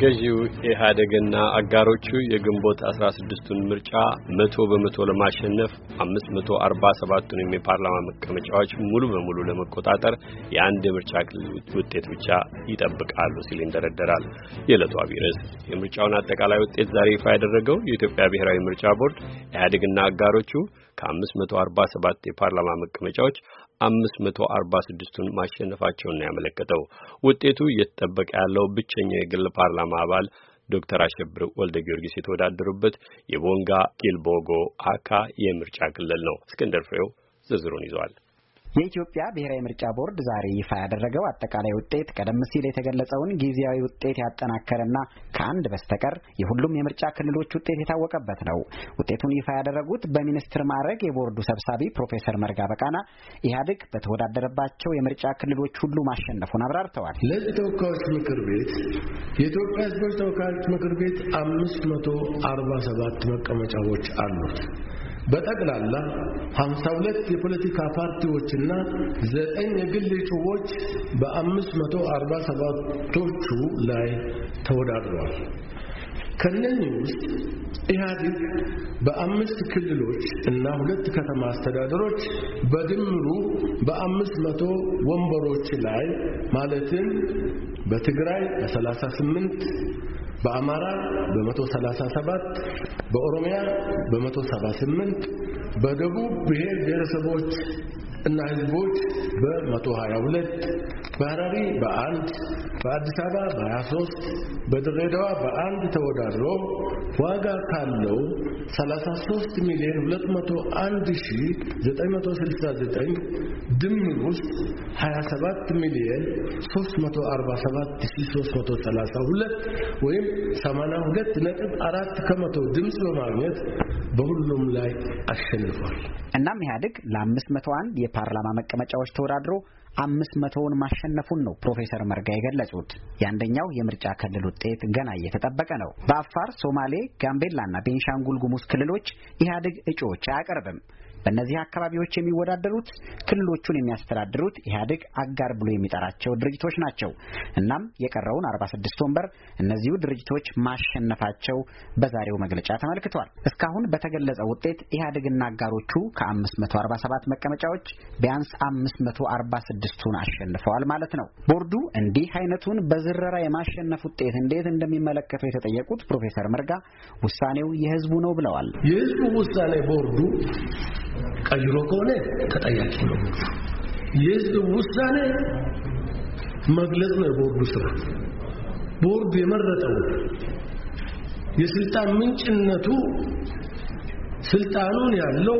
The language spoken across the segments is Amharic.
ገዢው ኢህአደግና አጋሮቹ የግንቦት 16ቱን ምርጫ መቶ በመቶ ለማሸነፍ 547 ቱን የፓርላማ መቀመጫዎች ሙሉ በሙሉ ለመቆጣጠር የአንድ የምርጫ ክልል ውጤት ብቻ ይጠብቃሉ ሲል ይንደረደራል። የዕለቱ አብይ ርዕስ የምርጫውን አጠቃላይ ውጤት ዛሬ ይፋ ያደረገው የኢትዮጵያ ብሔራዊ ምርጫ ቦርድ ኢህአደግና አጋሮቹ ከ547 የፓርላማ መቀመጫዎች 546 ስድስቱን ማሸነፋቸውን ነው ያመለከተው። ውጤቱ እየተጠበቀ ያለው ብቸኛው የግል ፓርላማ አባል ዶክተር አሸብር ወልደ ጊዮርጊስ የተወዳደሩበት የቦንጋ ኪልቦጎ አካ የምርጫ ክልል ነው። እስክንደር ፍሬው ዝርዝሩን ይዟል። የኢትዮጵያ ብሔራዊ ምርጫ ቦርድ ዛሬ ይፋ ያደረገው አጠቃላይ ውጤት ቀደም ሲል የተገለጸውን ጊዜያዊ ውጤት ያጠናከረና ከአንድ በስተቀር የሁሉም የምርጫ ክልሎች ውጤት የታወቀበት ነው። ውጤቱን ይፋ ያደረጉት በሚኒስትር ማዕረግ የቦርዱ ሰብሳቢ ፕሮፌሰር መርጋ በቃና ኢህአዴግ በተወዳደረባቸው የምርጫ ክልሎች ሁሉ ማሸነፉን አብራርተዋል። ለዚህ ተወካዮች ምክር ቤት የኢትዮጵያ ህዝቦች ተወካዮች ምክር ቤት አምስት መቶ አርባ ሰባት መቀመጫዎች አሉት። በጠቅላላ 52 የፖለቲካ ፓርቲዎችና ዘጠኝ የግል እጩዎች በ547ቶቹ ላይ ተወዳድረዋል። ከነኚህ ውስጥ ኢህአዲግ በአምስት ክልሎች እና ሁለት ከተማ አስተዳደሮች በድምሩ በአምስት መቶ ወንበሮች ላይ ማለትም በትግራይ በ38 በአማራ በ137 በኦሮሚያ በ178 በደቡብ ብሔር ብሔረሰቦች እና ህዝቦች በ122 በሐራሪ በአንድ በአዲስ አበባ በ ሶስት በድሬዳዋ በአንድ ተወዳድሮ ዋጋ ካለው 33 ሚሊዮን 969 ድምር ውስጥ 27 ሚሊዮን 347332 ወይም 82 ነጥብ 4 ከመቶ ድምፅ በማግኘት በሁሉም ላይ አሸንፏል። እናም ኢህአዴግ ለ501 የፓርላማ መቀመጫዎች ተወዳድሮ አምስት መቶውን ማሸነፉን ነው ፕሮፌሰር መርጋ የገለጹት። የአንደኛው የምርጫ ክልል ውጤት ገና እየተጠበቀ ነው። በአፋር፣ ሶማሌ፣ ጋምቤላና ቤንሻንጉል ጉሙዝ ክልሎች ኢህአዴግ እጩዎች አያቀርብም። በእነዚህ አካባቢዎች የሚወዳደሩት ክልሎቹን የሚያስተዳድሩት ኢህአዴግ አጋር ብሎ የሚጠራቸው ድርጅቶች ናቸው። እናም የቀረውን 46 ወንበር እነዚሁ ድርጅቶች ማሸነፋቸው በዛሬው መግለጫ ተመልክቷል። እስካሁን በተገለጸው ውጤት ኢህአዴግና አጋሮቹ ከ547 መቀመጫዎች ቢያንስ 546ቱን አሸንፈዋል ማለት ነው። ቦርዱ እንዲህ አይነቱን በዝረራ የማሸነፍ ውጤት እንዴት እንደሚመለከተው የተጠየቁት ፕሮፌሰር መርጋ ውሳኔው የህዝቡ ነው ብለዋል። የህዝቡ ውሳኔ ቦርዱ ቀይሮ ከሆነ ተጠያቂ ነው። የህዝብ ውሳኔ መግለጽ ነው የቦርዱ ስራ። ቦርዱ የመረጠው የስልጣን ምንጭነቱ ስልጣኑን ያለው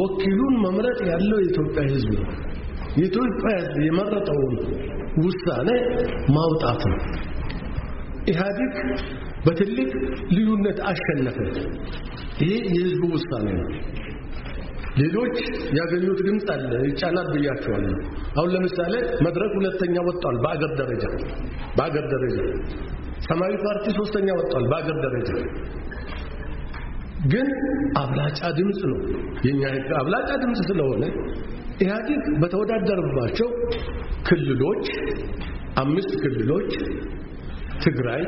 ወኪሉን መምረጥ ያለው የኢትዮጵያ ህዝብ ነው። የኢትዮጵያ ህዝብ የመረጠውን ውሳኔ ማውጣት ነው። ኢህአዲግ በትልቅ ልዩነት አሸነፈ። ይሄ የህዝቡ ውሳኔ ነው። ሌሎች ያገኙት ድምፅ አለ ይጫናት ብያቸዋለሁ። አሁን ለምሳሌ መድረክ ሁለተኛ ወጥቷል በአገር ደረጃ በአገር ደረጃ ሰማያዊ ፓርቲ ሶስተኛ ወጥቷል በአገር ደረጃ ግን አብላጫ ድምፅ ነው የኛ አብላጫ ድምፅ ስለሆነ ኢህአዴግ በተወዳደረባቸው ክልሎች አምስት ክልሎች ትግራይ፣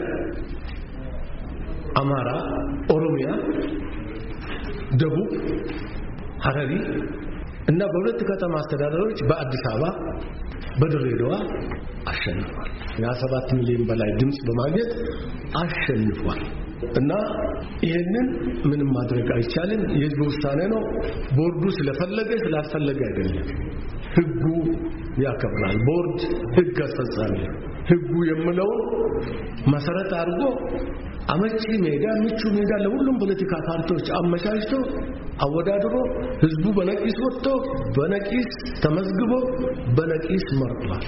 አማራ፣ ኦሮሚያ፣ ደቡብ ሀረሪ እና በሁለት ከተማ አስተዳደሮች በአዲስ አበባ በድሬዳዋ አሸንፏል። ከሰባት ሚሊዮን በላይ ድምፅ በማግኘት አሸንፏል። እና ይህንን ምንም ማድረግ አይቻልም። የህዝብ ውሳኔ ነው። ቦርዱ ስለፈለገ ስላልፈለገ አይደለም። ህጉ ያከብራል። ቦርድ ህግ አስፈጻሚ ህጉ የምለውን መሰረት አድርጎ አመቺ ሜዳ፣ ምቹ ሜዳ ለሁሉም ፖለቲካ ፓርቲዎች አመቻችቶ አወዳድሮ ህዝቡ በነቂስ ወጥቶ በነቂስ ተመዝግቦ በነቂስ መርጧል።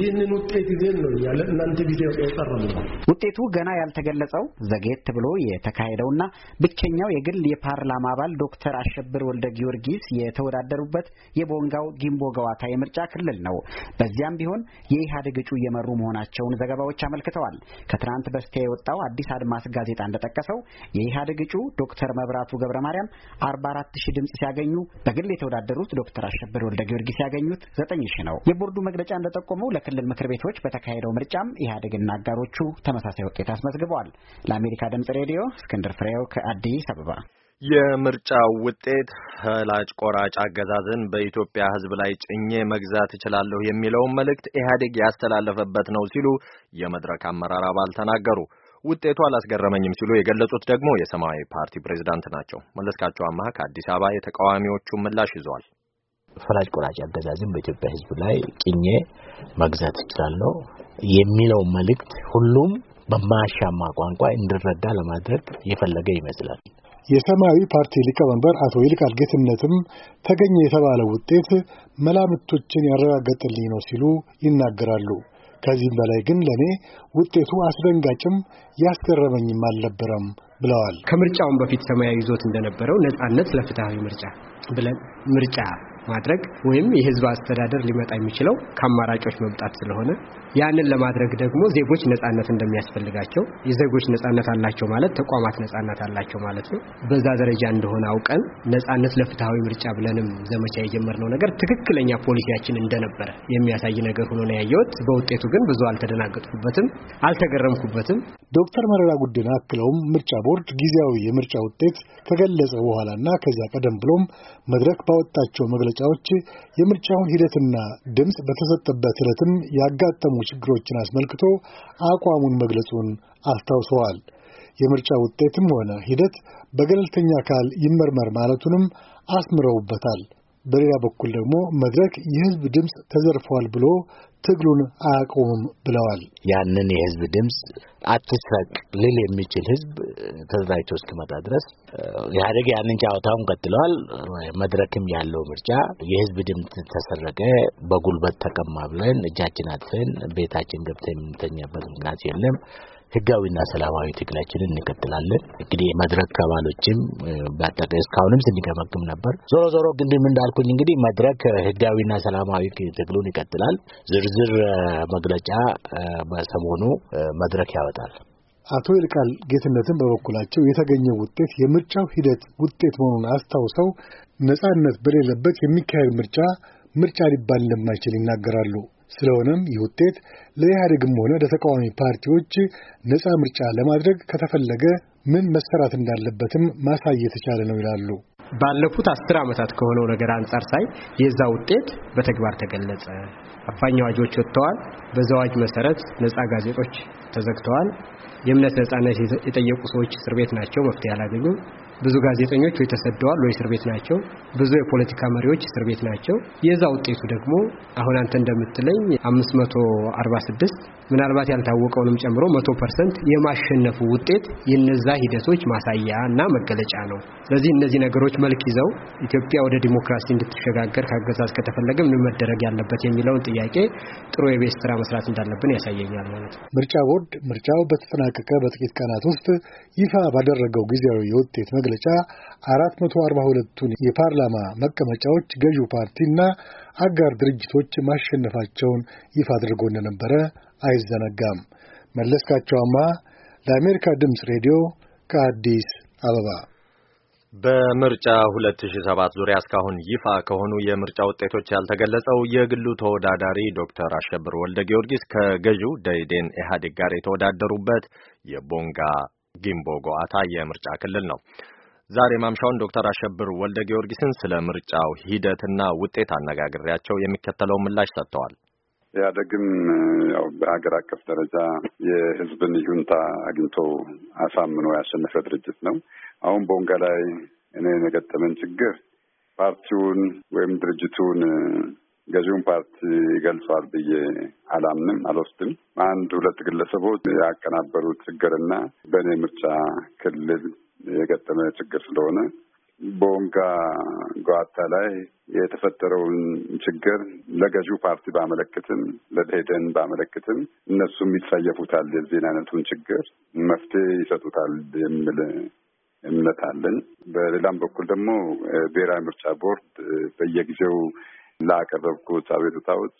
ይህንን ውጤት ይዘን ነው እኛ እናንተ ጊዜ ነው። ውጤቱ ገና ያልተገለጸው ዘግየት ብሎ የተካሄደውና ብቸኛው የግል የፓርላማ አባል ዶክተር አሸብር ወልደ ጊዮርጊስ የተወዳደሩበት የቦንጋው ጊምቦ ገዋታ የምርጫ ክልል ነው። በዚያም ቢሆን የኢህአዴግ እጩ እየመሩ መሆናቸውን ዘገባዎች አመልክተዋል። ከትናንት በስቲያ የወጣው አዲስ አድማስ ጋዜጣ እንደጠቀሰው የኢህአዴግ እጩ ዶክተር መብራቱ ገብረ ማርያም አርባ አራት ሺህ ድምፅ ሲያገኙ በግል የተወዳደሩት ዶክተር አሸብር ወልደ ጊዮርጊስ ያገኙት ዘጠኝ ሺህ ነው። የቦርዱ መግለጫ እንደጠቆመው ለክልል ምክር ቤቶች በተካሄደው ምርጫም ኢህአዴግና አጋሮቹ ተመሳሳይ ውጤት አስመዝግበዋል። ለአሜሪካ ድምጽ ሬዲዮ እስክንድር ፍሬው ከአዲስ አበባ። የምርጫው ውጤት ፈላጭ ቆራጭ አገዛዝን በኢትዮጵያ ሕዝብ ላይ ጭኜ መግዛት እችላለሁ የሚለውን መልእክት ኢህአዴግ ያስተላለፈበት ነው ሲሉ የመድረክ አመራር አባል ተናገሩ። ውጤቱ አላስገረመኝም ሲሉ የገለጹት ደግሞ የሰማያዊ ፓርቲ ፕሬዝዳንት ናቸው። መለስካቸው አማሃ ከአዲስ አበባ የተቃዋሚዎቹን ምላሽ ይዘዋል። ፈላጭ ቆራጭ አገዛዝም በኢትዮጵያ ሕዝብ ላይ ቅኜ መግዛት እችላለሁ የሚለው መልእክት ሁሉም በማያሻማ ቋንቋ እንዲረዳ ለማድረግ የፈለገ ይመስላል። የሰማያዊ ፓርቲ ሊቀመንበር አቶ ይልቃል ጌትነትም ተገኘ የተባለው ውጤት መላምቶችን ያረጋገጥልኝ ነው ሲሉ ይናገራሉ። ከዚህም በላይ ግን ለእኔ ውጤቱ አስደንጋጭም ያስገረመኝም አልነበረም ብለዋል። ከምርጫውን በፊት ሰማያዊ ይዞት እንደነበረው ነጻነት ለፍትሐዊ ምርጫ ብለን ምርጫ ማድረግ ወይም የህዝብ አስተዳደር ሊመጣ የሚችለው ከአማራጮች መምጣት ስለሆነ ያንን ለማድረግ ደግሞ ዜጎች ነጻነት እንደሚያስፈልጋቸው የዜጎች ነጻነት አላቸው ማለት ተቋማት ነጻነት አላቸው ማለት ነው። በዛ ደረጃ እንደሆነ አውቀን ነጻነት ለፍትሐዊ ምርጫ ብለንም ዘመቻ የጀመርነው ነገር ትክክለኛ ፖሊሲያችን እንደነበረ የሚያሳይ ነገር ሆኖ ነው ያየሁት። በውጤቱ ግን ብዙ አልተደናገጥኩበትም፣ አልተገረምኩበትም። ዶክተር መረራ ጉዲና አክለውም ምርጫ ቦርድ ጊዜያዊ የምርጫ ውጤት ከገለጸ በኋላና ከዚያ ቀደም ብሎም መድረክ ባወጣቸው መግለጫ መግለጫዎች የምርጫውን ሂደትና ድምፅ በተሰጠበት ዕለትም ያጋጠሙ ችግሮችን አስመልክቶ አቋሙን መግለጹን አስታውሰዋል። የምርጫ ውጤትም ሆነ ሂደት በገለልተኛ አካል ይመርመር ማለቱንም አስምረውበታል። በሌላ በኩል ደግሞ መድረክ የሕዝብ ድምፅ ተዘርፏል ብሎ ትግሉን አያቆሙም ብለዋል። ያንን የህዝብ ድምፅ አትስረቅ ልል የሚችል ህዝብ ተደራጅቶ እስኪመጣ ድረስ ኢህአዴግ ያንን ጨዋታውን ቀጥለዋል። መድረክም ያለው ምርጫ የህዝብ ድምፅ ተሰረቀ፣ በጉልበት ተቀማ ብለን እጃችን አጥፈን ቤታችን ገብተን የምንተኛበት ምክንያት የለም። ህጋዊና ሰላማዊ ትግላችንን እንቀጥላለን። እንግዲህ መድረክ አባሎችም በአጠቃላይ እስካሁንም ስንገመግም ነበር። ዞሮ ዞሮ ግንድም እንዳልኩኝ እንግዲህ መድረክ ህጋዊና ሰላማዊ ትግሉን ይቀጥላል። ዝርዝር መግለጫ በሰሞኑ መድረክ ያወጣል። አቶ ይልቃል ጌትነትን በበኩላቸው የተገኘው ውጤት የምርጫው ሂደት ውጤት መሆኑን አስታውሰው ነጻነት በሌለበት የሚካሄድ ምርጫ ምርጫ ሊባል እንደማይችል ይናገራሉ። ስለሆነም ይህ ውጤት ለኢህአዴግም ሆነ ለተቃዋሚ ፓርቲዎች ነፃ ምርጫ ለማድረግ ከተፈለገ ምን መሰራት እንዳለበትም ማሳየት የቻለ ነው ይላሉ። ባለፉት አስር ዓመታት ከሆነው ነገር አንጻር ሳይ የዛ ውጤት በተግባር ተገለጸ። አፋኝ አዋጆች ወጥተዋል። በዛ አዋጅ መሰረት ነፃ ጋዜጦች ተዘግተዋል። የእምነት ነፃነት የጠየቁ ሰዎች እስር ቤት ናቸው፣ መፍትሄ አላገኙም። ብዙ ጋዜጠኞች ወይ ተሰደዋል ወይ እስር ቤት ናቸው። ብዙ የፖለቲካ መሪዎች እስር ቤት ናቸው። የዛ ውጤቱ ደግሞ አሁን አንተ እንደምትለኝ 546 ምናልባት ያልታወቀውንም ጨምሮ 100 ፐርሰንት የማሸነፉ ውጤት የነዛ ሂደቶች ማሳያ እና መገለጫ ነው። ስለዚህ እነዚህ ነገሮች መልክ ይዘው ኢትዮጵያ ወደ ዲሞክራሲ እንድትሸጋገር ከአገዛዝ ከተፈለገ ምን መደረግ ያለበት የሚለውን ጥያቄ ጥሩ የቤት ስራ መስራት እንዳለብን ያሳየኛል ማለት ነው። ምርጫ ቦርድ ምርጫው በተጠናቀቀ በጥቂት ቀናት ውስጥ ይፋ ባደረገው ጊዜያዊ የውጤት መግለጫ 442ቱን የፓርላማ መቀመጫዎች ገዢው ፓርቲና አጋር ድርጅቶች ማሸነፋቸውን ይፋ አድርጎ እንደነበረ አይዘነጋም። መለስካቸዋማ ለአሜሪካ ድምፅ ሬዲዮ ከአዲስ አበባ። በምርጫ 2007 ዙሪያ እስካሁን ይፋ ከሆኑ የምርጫ ውጤቶች ያልተገለጸው የግሉ ተወዳዳሪ ዶክተር አሸብር ወልደ ጊዮርጊስ ከገዢው ደኢህዴን ኢህአዴግ ጋር የተወዳደሩበት የቦንጋ ጊምቦ ጎአታ የምርጫ ክልል ነው። ዛሬ ማምሻውን ዶክተር አሸብር ወልደ ጊዮርጊስን ስለ ምርጫው ሂደትና ውጤት አነጋግሬያቸው የሚከተለው ምላሽ ሰጥተዋል። ያደግም ያው በሀገር አቀፍ ደረጃ የህዝብን ይሁንታ አግኝቶ አሳምኖ ያሸነፈ ድርጅት ነው። አሁን ቦንጋ ላይ እኔ የገጠመን ችግር ፓርቲውን ወይም ድርጅቱን ገዢውን ፓርቲ ይገልጿል ብዬ አላምንም፣ አልወስድም። አንድ ሁለት ግለሰቦች ያቀናበሩት ችግርና በእኔ ምርጫ ክልል የገጠመ ችግር ስለሆነ ቦንጋ ጓታ ላይ የተፈጠረውን ችግር ለገዢው ፓርቲ ባመለክትም ለደኢህዴን ባመለክትም እነሱም ይጸየፉታል፣ የዚህን አይነቱን ችግር መፍትሄ ይሰጡታል የሚል እምነት አለን። በሌላም በኩል ደግሞ ብሔራዊ ምርጫ ቦርድ በየጊዜው ላቀረብኩት አቤቱታዎች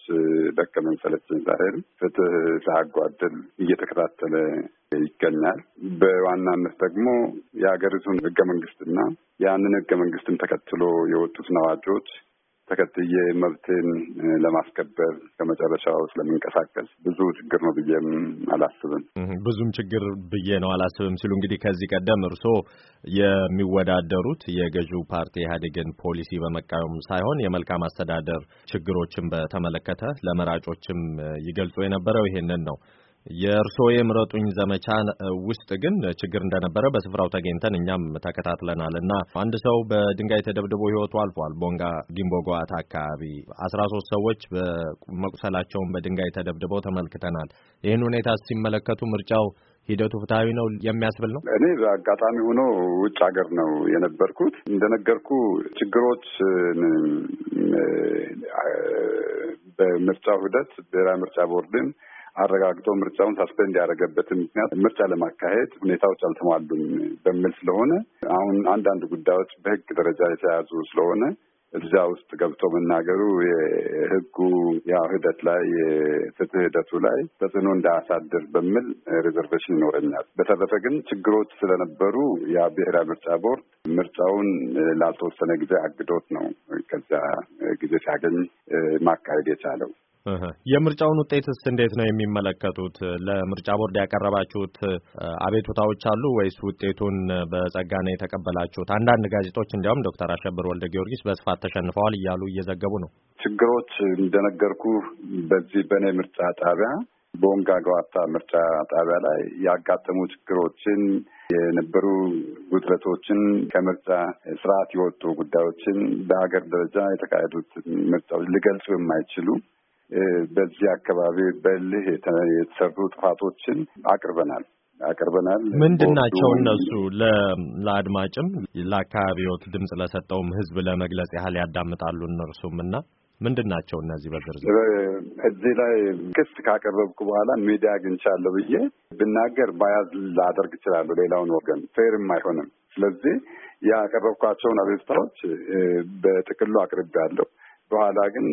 ደቀ መሰለችን ሳይል ፍትህ ሳያጓድል እየተከታተለ ይገኛል። በዋናነት ደግሞ የሀገሪቱን ህገ መንግስትና ያንን ህገ መንግስትን ተከትሎ የወጡት አዋጆች ተከትዬ መብትን ለማስከበር ከመጨረሻው ስለምንቀሳቀስ ብዙ ችግር ነው ብዬም አላስብም። ብዙም ችግር ብዬ ነው አላስብም ሲሉ እንግዲህ ከዚህ ቀደም እርስዎ የሚወዳደሩት የገዢው ፓርቲ ኢህአዴግን ፖሊሲ በመቃወም ሳይሆን የመልካም አስተዳደር ችግሮችን በተመለከተ ለመራጮችም ይገልጹ የነበረው ይሄንን ነው። የእርስዎ የምረጡኝ ዘመቻ ውስጥ ግን ችግር እንደነበረ በስፍራው ተገኝተን እኛም ተከታትለናል እና አንድ ሰው በድንጋይ ተደብድቦ ህይወቱ አልፏል። ቦንጋ ጊምቦጓት አካባቢ አስራ ሶስት ሰዎች መቁሰላቸውን በድንጋይ ተደብድበው ተመልክተናል። ይህን ሁኔታ ሲመለከቱ ምርጫው ሂደቱ ፍትሐዊ ነው የሚያስብል ነው። እኔ በአጋጣሚ ሆኖ ውጭ ሀገር ነው የነበርኩት። እንደነገርኩ ችግሮች በምርጫው ሂደት ብሔራዊ ምርጫ ቦርድን አረጋግጦ ምርጫውን ሳስፔንድ ያደረገበትን ምክንያት ምርጫ ለማካሄድ ሁኔታዎች አልተሟሉም በሚል ስለሆነ አሁን አንዳንድ ጉዳዮች በህግ ደረጃ የተያዙ ስለሆነ እዚያ ውስጥ ገብቶ መናገሩ የህጉ ያው ሂደት ላይ የፍትህ ሂደቱ ላይ ተጽዕኖ እንዳያሳድር በሚል ሪዘርቬሽን ይኖረኛል። በተረፈ ግን ችግሮች ስለነበሩ ያ ብሔራዊ ምርጫ ቦርድ ምርጫውን ላልተወሰነ ጊዜ አግዶት ነው ከዚያ ጊዜ ሲያገኝ ማካሄድ የቻለው። የምርጫውን ውጤትስ እንዴት ነው የሚመለከቱት? ለምርጫ ቦርድ ያቀረባችሁት አቤቱታዎች አሉ ወይስ ውጤቱን በጸጋ ነው የተቀበላችሁት? አንዳንድ ጋዜጦች እንዲያውም ዶክተር አሸብር ወልደ ጊዮርጊስ በስፋት ተሸንፈዋል እያሉ እየዘገቡ ነው። ችግሮች እንደነገርኩ በዚህ በእኔ ምርጫ ጣቢያ በወንጋ ገዋታ ምርጫ ጣቢያ ላይ ያጋጠሙ ችግሮችን የነበሩ ጉድለቶችን ከምርጫ ስርዓት የወጡ ጉዳዮችን በሀገር ደረጃ የተካሄዱት ምርጫዎች ሊገልጹ የማይችሉ በዚህ አካባቢ በልህ የተሰሩ ጥፋቶችን አቅርበናል አቅርበናል። ምንድን ናቸው እነሱ? ለአድማጭም ለአካባቢዎት ድምፅ ለሰጠውም ህዝብ ለመግለጽ ያህል ያዳምጣሉ እነርሱም እና ምንድን ናቸው እነዚህ በዝርዝር እዚህ ላይ ክስ ካቀረብኩ በኋላ ሚዲያ አግኝቻለሁ ብዬ ብናገር ባያዝ ላደርግ እችላለሁ። ሌላውን ወገን ፌርም አይሆንም። ስለዚህ ያቀረብኳቸውን አቤቱታዎች በጥቅሉ አቅርቤያለሁ። በኋላ ግን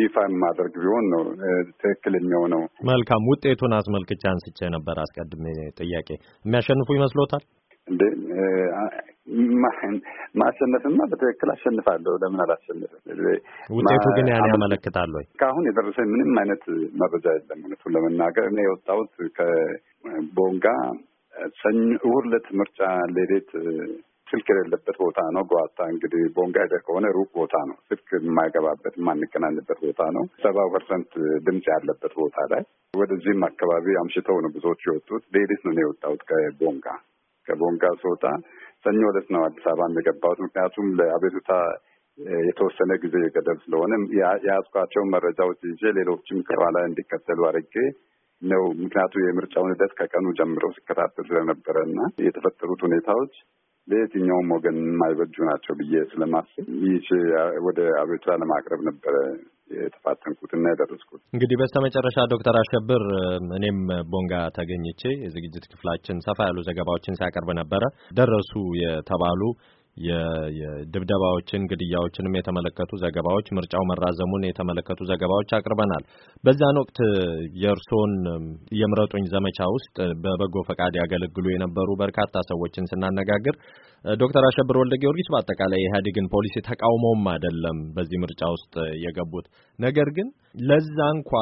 ይፋ የማደርግ ቢሆን ነው ትክክል የሚሆነው። መልካም ውጤቱን አስመልክቼ አንስቼ ነበር አስቀድሜ ጥያቄ። የሚያሸንፉ ይመስሎታል? እንደ ማሸነፍማ በትክክል አሸንፋለሁ። ለምን አላሸንፍም? ውጤቱ ግን ያን ያመለክታል ወይ? እስካሁን ምንም አይነት መረጃ የለም። እውነቱን ለመናገር እኔ የወጣሁት ከቦንጋ ሰኞ እሑድ ዕለት ምርጫ ሌሊት ስልክ የሌለበት ቦታ ነው። ጓታ እንግዲህ ቦንጋ ሄደህ ከሆነ ሩቅ ቦታ ነው። ስልክ የማይገባበት የማንገናኝበት ቦታ ነው። ሰባ ፐርሰንት ድምፅ ያለበት ቦታ ላይ ወደዚህም አካባቢ አምሽተው ነው ብዙዎች የወጡት። ሌሊት ነው የወጣሁት ከቦንጋ ከቦንጋ ስወጣ ሰኞ ዕለት ነው አዲስ አበባ የገባሁት። ምክንያቱም ለአቤቱታ የተወሰነ ጊዜ ገደብ ስለሆነ የያዝኳቸውን መረጃዎች ይዤ ሌሎችም ከኋላ እንዲከተሉ አድርጌ ነው። ምክንያቱ የምርጫውን ሂደት ከቀኑ ጀምሮ ሲከታተል ስለነበረ እና የተፈጠሩት ሁኔታዎች ለየትኛውም ወገን የማይበጁ ናቸው ብዬ ስለማስብ ይህ ወደ አቤቱታ ለማቅረብ ነበረ የተፋተንኩት እና የደረስኩት። እንግዲህ በስተመጨረሻ ዶክተር አሸብር እኔም ቦንጋ ተገኝቼ የዝግጅት ክፍላችን ሰፋ ያሉ ዘገባዎችን ሲያቀርብ ነበረ። ደረሱ የተባሉ የድብደባዎችን፣ ግድያዎችንም የተመለከቱ ዘገባዎች፣ ምርጫው መራዘሙን የተመለከቱ ዘገባዎች አቅርበናል። በዛን ወቅት የእርሶን የምረጡኝ ዘመቻ ውስጥ በበጎ ፈቃድ ያገለግሉ የነበሩ በርካታ ሰዎችን ስናነጋግር ዶክተር አሸብር ወልደ ጊዮርጊስ በአጠቃላይ የኢህአዴግን ፖሊሲ ተቃውሞም አይደለም በዚህ ምርጫ ውስጥ የገቡት። ነገር ግን ለዛ እንኳ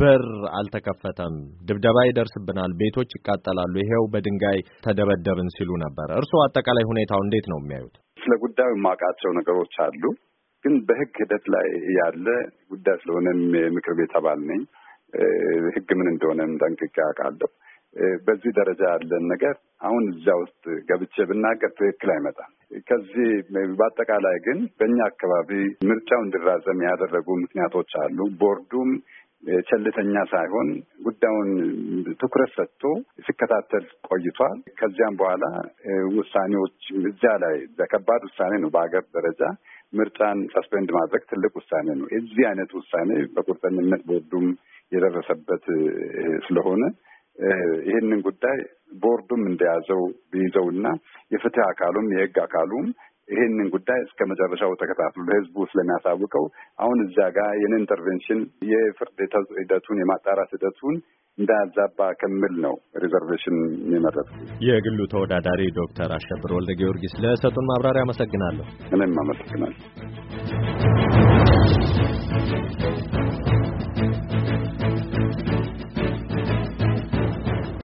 በር አልተከፈተም፣ ድብደባ ይደርስብናል፣ ቤቶች ይቃጠላሉ፣ ይሄው በድንጋይ ተደበደብን ሲሉ ነበር። እርስዎ አጠቃላይ ሁኔታው እንዴት ነው የሚያዩት? ስለ ጉዳዩ የማውቃቸው ነገሮች አሉ፣ ግን በህግ ሂደት ላይ ያለ ጉዳይ ስለሆነ የምክር ቤት አባል ነኝ። ህግ ምን እንደሆነ ጠንቅቄ አውቃለሁ። በዚህ ደረጃ ያለን ነገር አሁን እዚያ ውስጥ ገብቼ ብናገር ትክክል አይመጣም። ከዚህ በአጠቃላይ ግን በእኛ አካባቢ ምርጫው እንዲራዘም ያደረጉ ምክንያቶች አሉ። ቦርዱም ቸልተኛ ሳይሆን ጉዳዩን ትኩረት ሰጥቶ ሲከታተል ቆይቷል። ከዚያም በኋላ ውሳኔዎች እዚያ ላይ ከባድ ውሳኔ ነው። በሀገር ደረጃ ምርጫን ሰስፔንድ ማድረግ ትልቅ ውሳኔ ነው። የዚህ አይነት ውሳኔ በቁርጠኝነት ቦርዱም የደረሰበት ስለሆነ ይህንን ጉዳይ ቦርዱም እንደያዘው ቢይዘውና የፍትህ አካሉም የህግ አካሉም ይህንን ጉዳይ እስከ መጨረሻው ተከታትሎ ለህዝቡ ስለሚያሳውቀው አሁን እዚያ ጋር የን ኢንተርቬንሽን የፍርድ ሂደቱን የማጣራት ሂደቱን እንዳያዛባ ከሚል ነው ሪዘርቬሽን የመረጥ። የግሉ ተወዳዳሪ ዶክተር አሸብር ወልደ ጊዮርጊስ ለሰጡን ማብራሪያ አመሰግናለሁ። እኔም አመሰግናለሁ።